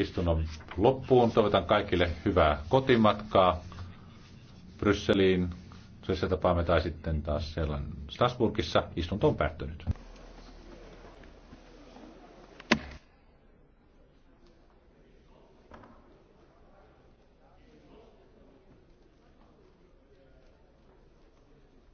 istunnon loppuun. Toivotan kaikille hyvää kotimatkaa Brysseliin. Se tapaamme tai sitten taas siellä Strasbourgissa. Istunto on päättynyt.